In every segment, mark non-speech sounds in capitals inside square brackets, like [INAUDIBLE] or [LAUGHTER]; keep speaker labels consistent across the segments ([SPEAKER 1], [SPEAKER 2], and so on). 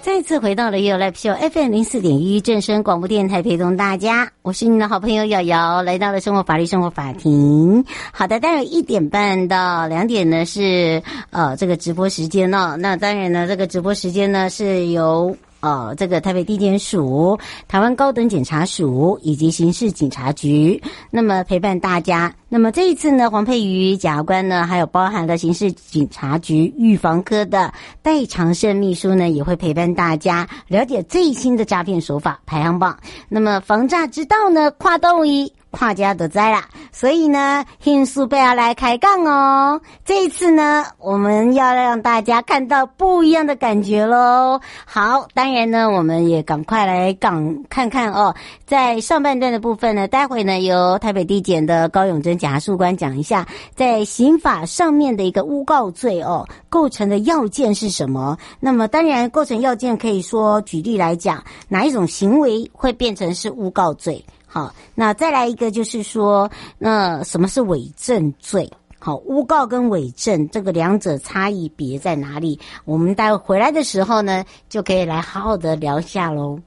[SPEAKER 1] 再次回到了有來秀 FM 零四點一正聲廣播電臺，陪同大家，我是你的好朋友瑤瑤，來到了生活法律生活法庭。好的，待會一點半到兩點呢是呃、這個直播時間哦、呢這個直播時間呢，那當然呢這個直播時間呢是由。哦，這個台北地檢署、台灣高等檢察署以及刑事警察局，那麼陪伴大家。那麼這一次呢，黃佩瑜檢察官呢，還有包含了刑事警察局預防科的戴長勝秘書呢，也會陪伴大家了解最新的詐騙手法排行榜。那麼防詐之道呢，跨洞一。跨家都災啦，所以呢，迅速被要來開槓哦。這一次呢，我們要讓大家看到不一樣的感覺嘍。好，當然呢，我們也趕快來港看看哦。在上半段的部分呢，待會呢，由台北地檢的高永珍檢察官講一下，在刑法上面的一個誣告罪哦，構成的要件是什麼？那麼當然，構成要件可以說舉例來講，哪一種行為會變成是誣告罪？好，那再來一個，就是說，那什麼是偽證罪？好，誣告跟偽證這個兩者差異別在哪裡？我們待會回來的時候呢，就可以來好好的聊一下嘍。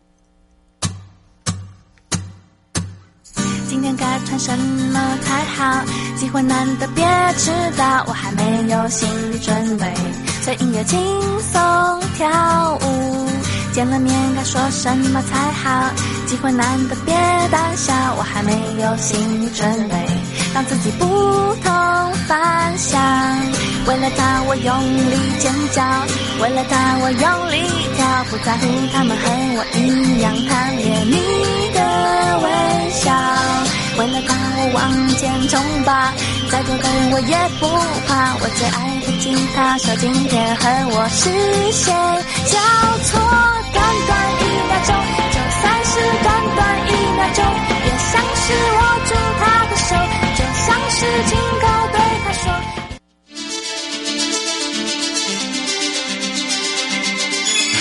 [SPEAKER 2] 今天該穿什麼才好？機會難得，別遲到，我還沒有心理準備。隨音樂輕鬆跳舞。見了面該說什麼才好？機會難得別膽小，我還沒有心理準備，讓自己不同凡響。為了他我用力尖叫，為了他我用力跳，不在乎他們和我一樣貪戀你的微笑。為了他我往前衝吧，再多的險我也不怕。我最愛的吉他手今天和我視線交錯。短
[SPEAKER 1] 短一秒鐘，就算是短短一秒鐘，也像是握住他的手，就像是親口對他說。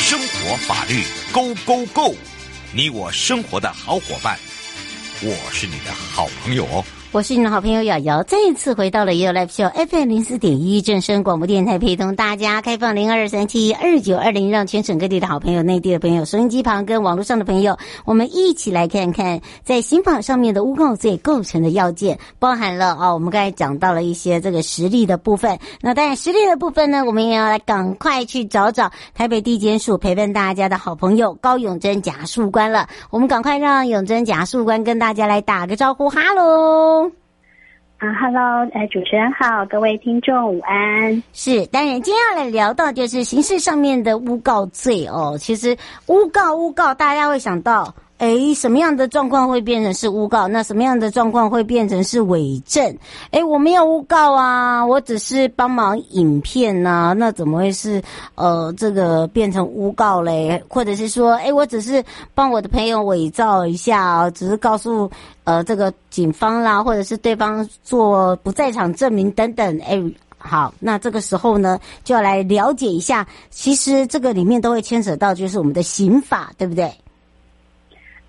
[SPEAKER 1] 生活法律 Go Go Go，你我生活的好夥伴，我是你的好朋友哦我是你的好朋友瑤瑤，再一次回到了有來聽 FM 零四點一正聲廣播電台，陪同大家開放零二三七二九二零，讓全省各地的好朋友、內地的朋友、收音機旁跟網絡上的朋友，我們一起來看看在刑法上面的誣告罪構成的要件，包含了啊、哦，我們剛才講到了一些這個實例的部分。那當然實例的部分呢，我們也要來趕快去找找台北地檢署陪伴大家的好朋友高永珍檢事官了。我們趕快讓永珍檢事官跟大家來打個招呼，哈嘍。啊哈嘍，哎、uh, 呃，主持人好，各位聽眾午安。是，當然，今天要來聊到就是刑事上面的誣告罪哦。其實，誣告、誣告，大家會想到。誒，什麼樣的狀況會變成是誣告？那什麼樣的狀況會變成是偽證？誒，我沒有誣告啊，我只是幫忙影片吶、啊，那怎麼會是呃這個變成誣告嘞？或者是說，誒，我只是幫我的朋友偽造一下、啊，只是告訴呃這個警方啦，或者是對方做不在場證明等等。誒，好，那這個時候呢，就要來了解一下，其實這個裡面都會牽扯到就是我們的刑法，對不對？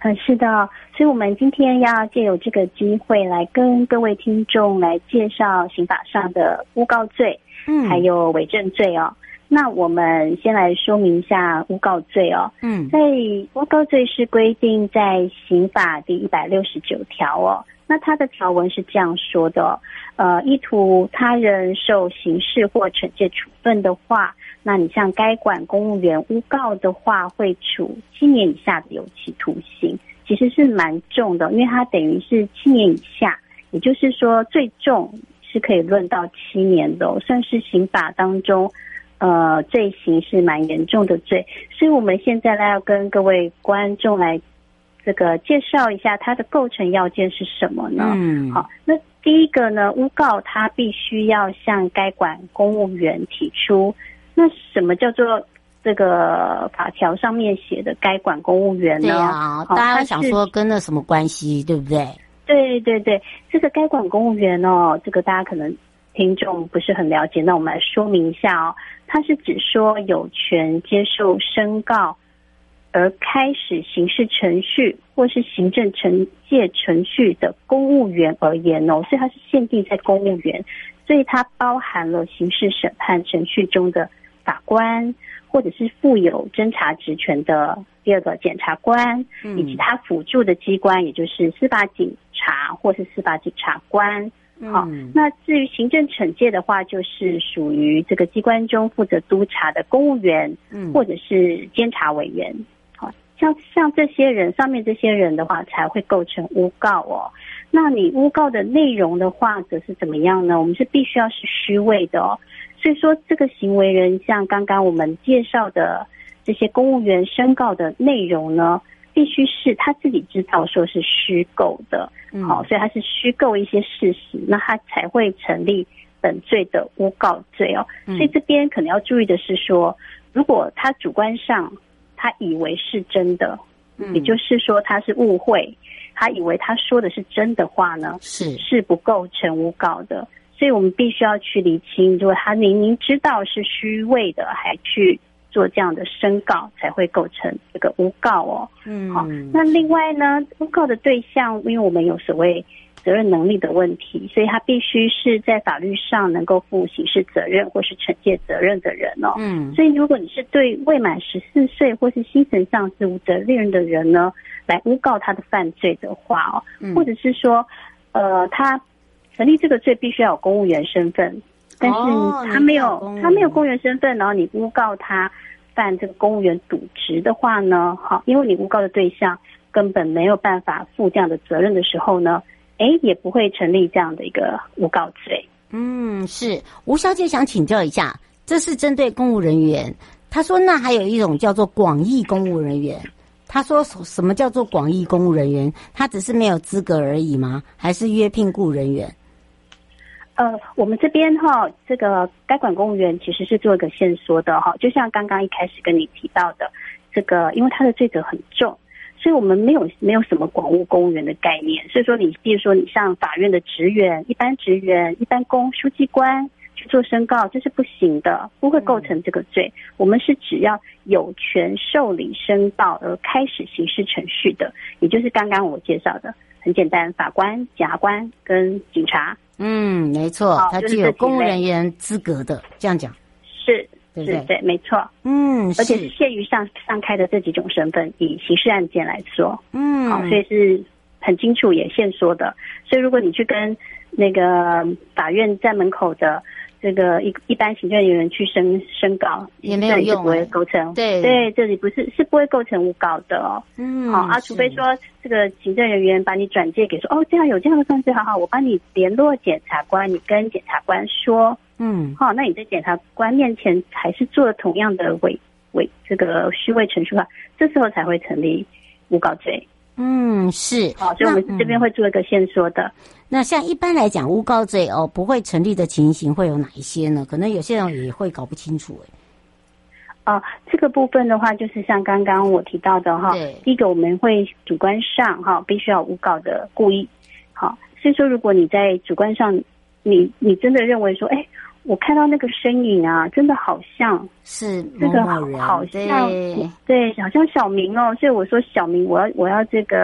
[SPEAKER 2] 嗯，是的，所以我們今天要借由這個機會來跟各位聽眾來介紹刑法上的誣告罪，嗯，還有偽證罪哦。那我們先來說明一下誣告罪哦，嗯，所以誣告罪是規定在刑法第一百六十九條哦。那它的條文是這樣說的哦，呃，意圖他人受刑事或懲戒處分的話。那你向該管公務員誣告的話，會處七年以下的有期徒刑，其實是蠻重的，因為它等於是七年以下，也就是說最重是可以論到七年的哦，算是刑法當中呃罪行是蠻嚴重的罪。所以我們現在呢要跟各位觀眾來這個介紹一下它的構成要件是什麼呢？嗯，好，那第一個呢，誣告他必須要向該管公務員提出。那什麼叫做這個法條上面寫的該管
[SPEAKER 1] 公務員呢？啊、大家想說跟那什麼關係，對不對、哦？
[SPEAKER 2] 對對對，這個該管公務員哦，這個大家可能聽眾不是很了解，那我們來說明一下哦。它是指說有權接受申告而開始刑事程序或是行政懲戒程序的公務員而言哦，所以它是限定在公務員，所以它包含了刑事審判程序中的。法官，或者是負有偵查職權的第二個檢察官，嗯、以及他輔助的機關，也就是司法警察或是司法警察官。好、嗯啊，那至於行政懲戒的話，就是屬於這個機關中負責督察的公務員，嗯、或者是監察委員。好、啊，像像這些人，上面這些人的話，才會構成誣告哦。那你誣告的內容的話，則是怎麼樣呢？我們是必須要是虛偽的哦。所以說，這個行為人像剛剛我們介紹的這些公務員申告的內容呢，必須是他自己知道說是虛構的，好、嗯哦，所以他是虛構一些事實，那他才會成立本罪的誣告罪哦。嗯、所以這邊可能要注意的是說，如果他主觀上他以為是真的，嗯，也就是說他是誤會，他以為他說的是真的話呢，是是不構成誣告的。所以我們必須要去理清，如果他明明知道是虛偽的，還去做這樣的申告，才會構成這個誣告哦。嗯，好。哦，那另外呢，誣告的對象，因為我們有所謂責任能力的問題，所以他必須是在法律上能夠負刑事責任或是懲戒責任的人哦。嗯，所以如果你是對未滿十四歲或是精神上是無責任的人呢，來誣告他的犯罪的話哦，或者是說，呃，他。成立這個罪必須要有公務員身份，但是他沒有，哦、有他沒有公務員身份，然後你誣告他犯這個公務員瀆職的話呢，好，因為你誣告的對象根本沒有辦法負這樣的責任的時候呢，哎、欸，也不會成立這樣的一個
[SPEAKER 1] 誣告罪。嗯，是吳小姐想請教一下，這是針對公務人員。他說，那還有一種叫做廣義公務人員。他說，什麼叫做廣義公務人員？他只是沒有資格而已嗎？還是約聘僱人員？
[SPEAKER 2] 呃，我們這邊哈，這個該管公務員其實是做一個限縮的哈。就像剛剛一開始跟你提到的，這個因為他的罪責很重，所以我們沒有沒有什麼廣務公務員的概念。所以說你，你比如說你像法院的職員、一般職員、一般公書記官去做申告，這是不行的，不會構成這個罪。嗯、我們是只要有權受理申報而開始刑事程序的，也就是剛剛我介紹的。很簡單，法官、檢察官跟警察。嗯，
[SPEAKER 1] 沒錯，哦、他具有公務人員資格的，這，這樣講
[SPEAKER 2] 是，對不對？是對，沒錯，嗯，而且是限於上上開的這幾種身份，以刑事案件來說，嗯，好、哦，所以是很清楚也限縮的。所以如果你去跟那個法院在門口的。這個一一般行政人員去申申告，也沒有用，不會構成、哎、對對，這裡不是是不會構成誣告的哦。嗯，好，啊，除非說是這個行政人員把你轉介給說，哦，這樣、啊、有這樣的犯罪，好好，我幫你聯絡檢察官，你跟檢察官說，嗯、好、哦，那你在檢察官面前還是做同樣的偽偽這個虛偽陳述啊，這時候才會成
[SPEAKER 1] 立誣告罪。嗯，是。好，所以我們這邊會做一個線索的那、嗯。那像一般來講，誣告罪哦，不會成立的情形會有哪一些呢？可能有些人也會搞不清楚哎、
[SPEAKER 2] 欸。啊，這個部分的話，就是像剛剛我提到的哈、哦，第對一個我們會主觀上哈、哦、必須要誣告的故意。好，所以說如果你在主觀上你你真的認為說，哎、欸。我看到那個身影啊，真的好像是這個好像人人對，對，好像小明哦、喔，所以我說小明，我要我要這個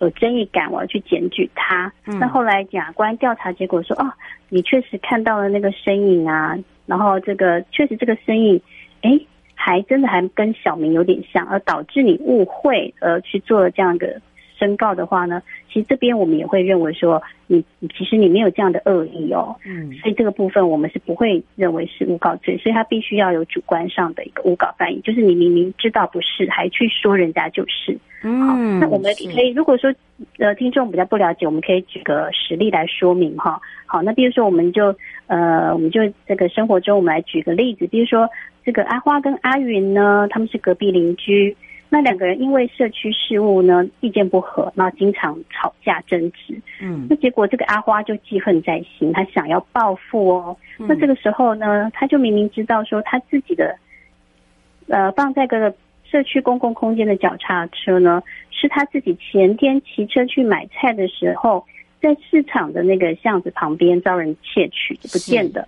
[SPEAKER 2] 有正義感，我要去檢舉他。嗯、那後來檢察官調查結果說，哦、啊，你確實看到了那個身影啊，然後這個確實這個身影，哎、欸，還真的還跟小明有點像，而導致你誤會，而去做了這樣一個誣告的話呢，其實這邊我們也會認為說，你、嗯、其實你沒有這樣的惡意哦，嗯，所以這個部分我們是不會認為是誣告罪，所以他必須要有主觀上的一個誣告犯意，就是你明明知道不是，還去說人家就是，
[SPEAKER 1] 嗯，好，那我們可以是
[SPEAKER 2] 如果說呃聽眾比較不了解，我們可以舉個實例來說明哈，好，那比如說我們就呃我們就這個生活中我們來舉個例子，比如說這個阿花跟阿雲呢，他們是隔壁鄰居。那兩個人因為社區事務呢，意見不合，然後經常吵架爭執。嗯，那結果這個阿花就記恨在心，她想要報復哦。嗯。那這個時候呢，她就明明知道說她自己的，呃，放在個社區公共空間的腳踏車呢，是她自己前天騎車去買菜的時候，在市場的那個巷子旁邊遭人竊取不見的。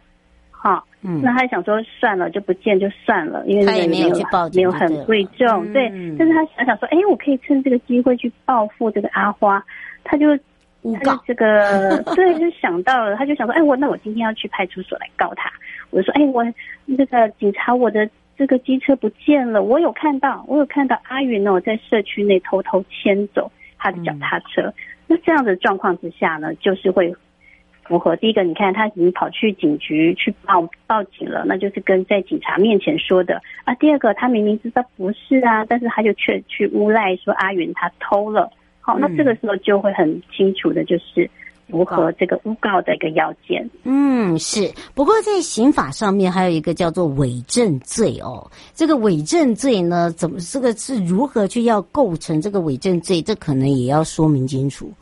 [SPEAKER 2] 嗯，那他想說算了，就不見就算了，因為他也沒有沒有很貴重，嗯、對。但是他想想說，哎、欸，我可以趁這個機會去報復這個阿花，他就搞他就這個 [LAUGHS] 對，就想到了，他就想說，哎、欸，我那我今天要去派出所來告他。我就說，哎、欸，我那個警察，我的這個機車不見了，我有看到，我有看到阿雲呢，在社區內偷偷牽走他的腳踏車。嗯、那這樣的狀況之下呢，就是會。符合第一個，你看他已經跑去警局去報報警了，那就是跟在警察面前說的啊。第二個，他明明知道不是啊，但是他就卻去誣賴說阿雲他偷了。好，那這個時候就會很清楚的，就是符合這個誣告的一個要件。
[SPEAKER 1] 嗯，是。不過在刑法上面還有一個叫做偽證罪哦。這個偽證罪呢，怎麼這個是如何去要構成這個偽證罪？這可能也要說明清楚。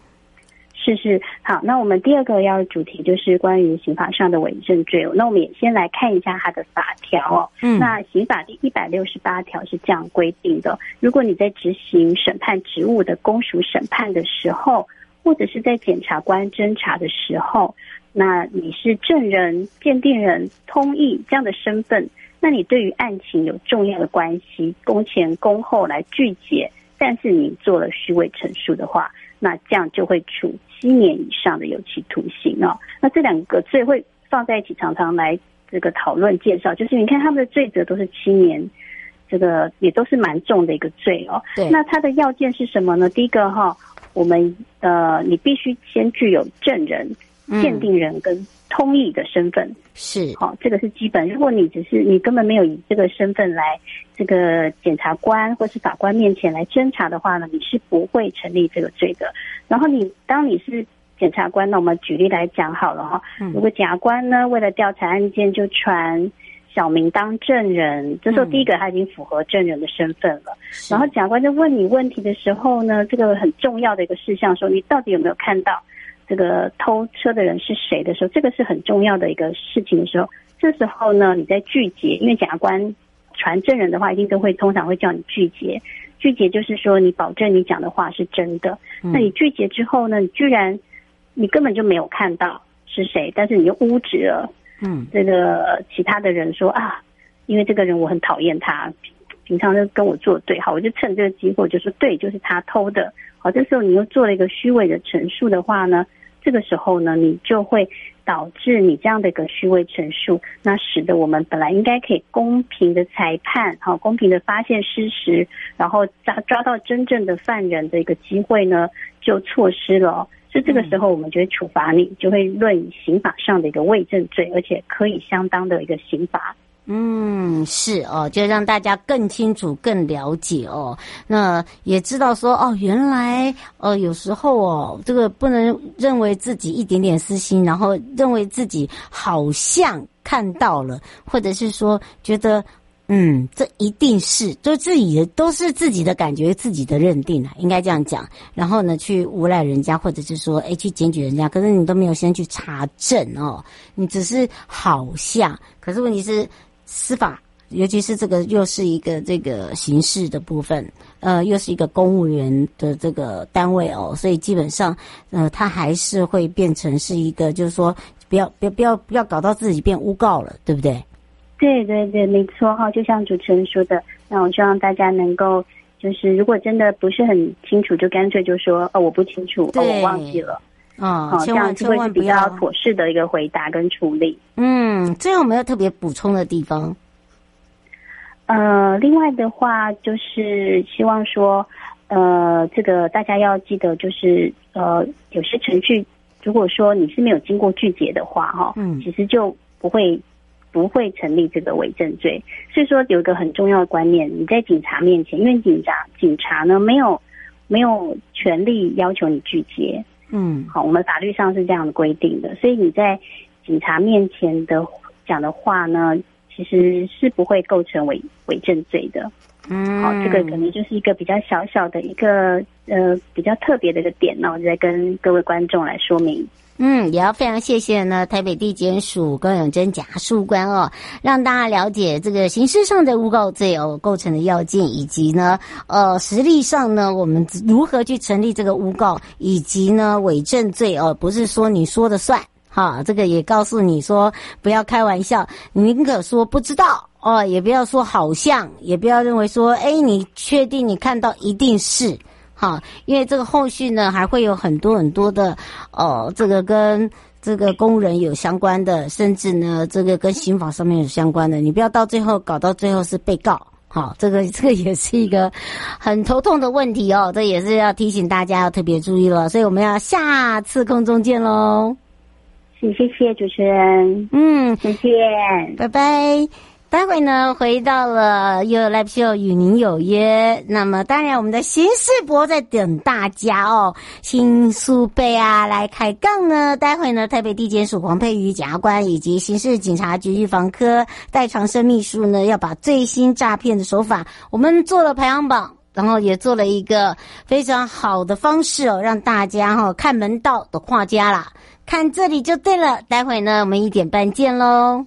[SPEAKER 1] 就是好，那
[SPEAKER 2] 我們第二個要主題就是關於刑法上的偽證罪。那我們也先來看一下它的法條。嗯，那刑法第一百六十八條是這樣規定的：如果你在執行審判職務的公署審判的時候，或者是在檢察官偵查的時候，那你是證人、鑑定人、通譯這樣的身份，那你對於案情有重要的關係，供前供後來拒絕，但是你做了虛偽陳述的話。那這樣就會處七年以上的有期徒刑哦。那這兩個罪會放在一起，常常來這個討論介紹，就是你看他們的罪責都是七年，這個也都是蠻重的一個罪哦。對，那它的要件是什麼呢？第一個哈，我們呃，你必須先具有證人鑑定人跟通譯的身份、嗯、是，好、哦，這個是基本。如果你只是你根本沒有以這個身份來這個檢察官或是法官面前來偵查的話呢，你是不會成立這個罪的。然後你當你是檢察官，那我們舉例來講好了哈。如果檢察官呢、嗯、為了調查案件就傳小明當證人，這時候第一個他已經符合證人的身份了。嗯、然後檢察官在問你問題的時候呢，這個很重要的一個事項說，你到底有沒有看到？這個偷車的人是誰的時候，這個是很重要的一個事情。的時候這時候呢，你在具結，因為檢察官傳證人的話，一定都會通常會叫你具結。具結就是說，你保證你講的話是真的。那你具結之後呢，你居然你根本就沒有看到是誰，但是你又誣指了嗯，這個其他的人說啊，因為這個人我很討厭他，平常就跟我作對。好，我就趁這個機會就說對，就是他偷的。好，這時候你又做了一個虛偽的陳述的話呢。這個時候呢，你就會導致你這樣的一個虛偽陳述，那使得我們本來應該可以公平的裁判，好，公平的發現事實，然後抓抓到真正的犯人的一個機會呢，就錯失了。所以這個時候我們就會處罰你，就會論以刑法上的一個偽證罪，而且可以相當的一個刑罰。
[SPEAKER 1] 嗯，是哦，就讓大家更清楚、更了解哦。那也知道說哦，原來哦、呃，有時候哦，這個不能認為自己一點點私心，然後認為自己好像看到了，或者是說覺得嗯，這一定是，就自己的都是自己的感覺、自己的認定啊，應該這樣講。然後呢，去誣賴人家，或者是說誒、欸，去檢舉人家，可是你都沒有先去查證哦，你只是好像，可是問題是。司法，尤其是這個又是一個這個刑事的部分，呃，又是一個公務員的這個單位哦，所以基本上，呃，他還是會變成是一個，就是說，不要，不要，不要，不要搞到自己變誣告了，對不對？對
[SPEAKER 2] 對對，沒錯哈，就像主持人說的，那我希望大家能夠，就是如果真
[SPEAKER 1] 的不是很清楚，就乾脆就說，哦，我不清楚，哦，我忘記了。啊，好像這個是比
[SPEAKER 2] 較妥適的一個回答跟處理。嗯，
[SPEAKER 1] 這有沒有特別補充的地方。呃，另外的話就是希望說，
[SPEAKER 2] 呃，這個大家要記得，就是呃，有些程序如果說你是沒有經過具結的話，哈、哦，嗯，其實就不會不會成立這個偽證罪。所以說有一個很重要的觀念，你在警察面前，因為警察警察呢沒有沒有權利要求你具結。嗯，好，我們法律上是這樣的規定的，所以你在警察面前的講的話呢，其實是不會構成偽偽證罪的。
[SPEAKER 1] 嗯，好，這個可
[SPEAKER 2] 能就是一個比較小小的一個呃比較特別的一個點呢，我在跟各位觀眾來說明。
[SPEAKER 1] 嗯，也要非常謝謝呢，台北地檢署高永珍檢事官哦，讓大家了解這個刑事上的誣告罪哦，構成的要件，以及呢，呃，實力上呢，我們如何去成立這個誣告，以及呢，偽證罪哦，不是說你說的算哈，這個也告訴你說不要開玩笑，你寧可說不知道哦，也不要說好像，也不要認為說哎，你確定你看到一定是。好，因為這個後續呢，還會有很多很多的，哦，這個跟這個工人有相關的，甚至呢，這個跟刑法上面有相關的，你不要到最後搞到最後是被告。好，這個這個也是一個很頭痛的問題哦，這也是要提醒大家要特別注意了。所以我們要下次空中見嘍。謝謝謝主持人，嗯，再見謝謝，拜拜。待會呢，回到了《y o u Live Show》與您有約。那麼，當然我們的刑事博在等大家哦，新速貝啊來開槓呢。待會呢，台北地檢署黃佩瑜檢察官以及刑事警察局預防科代長生秘書呢，要把最新詐騙的手法，我們做了排行榜，然後也做了一個非常好的方式哦，讓大家哈、哦、看門道的畫家啦，看這裡就對了。待會呢，我們一點半見嘍。